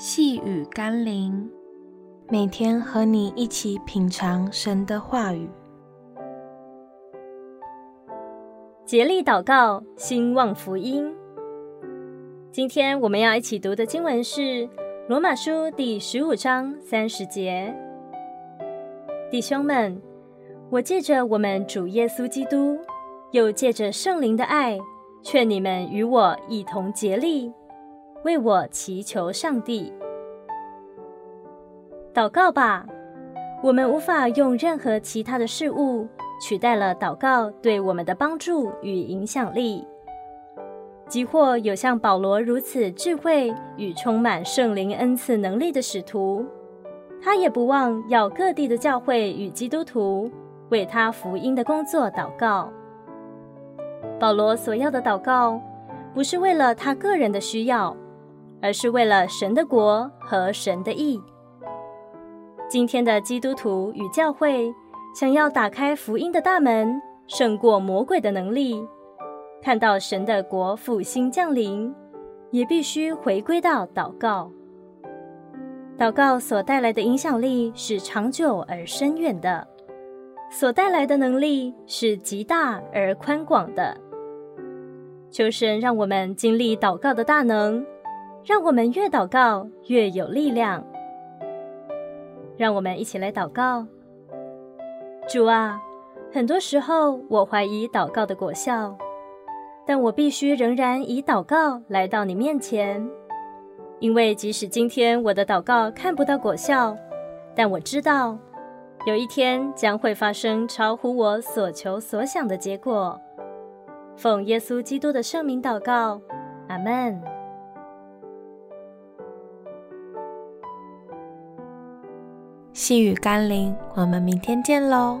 細語甘霖，每天和你一起品嘗神的話語，竭力禱告，興旺福音。今天我們要一起讀的經文是《羅馬書》第十五章三十節。弟兄們，我借着我們主耶穌基督，又借着聖靈的愛，勸你們與我一同竭力。為我祈求上帝，禱告吧！我們無法用任何其他的事物，取代了禱告對我們的幫助與影響力。即或有像保羅如此智慧與充滿聖靈恩賜能力的使徒，他也不忘要各地的教會與基督徒為他福音的工作禱告。保羅所要的禱告，不是為了他個人的需要。而是為了神的國和神的義。今天的基督徒與教會，想要打開福音的大門，勝過魔鬼的能力，看到神的國復興降臨，也必須回歸到禱告。禱告所帶來的影響力是長久而深遠的，所帶來的能力是極大而寬廣的。求神讓我們經歷禱告的大能。讓我們越禱告越有力量。讓我們一起來禱告。主啊，很多時候我懷疑禱告的果效，但我必須仍然以禱告來到你面前，因為即使今天我的禱告看不到果效，但我知道，有一天將會發生超乎我所求所想的結果。奉耶穌基督的聖名禱告，阿們。細語甘霖，我們明天見嘍。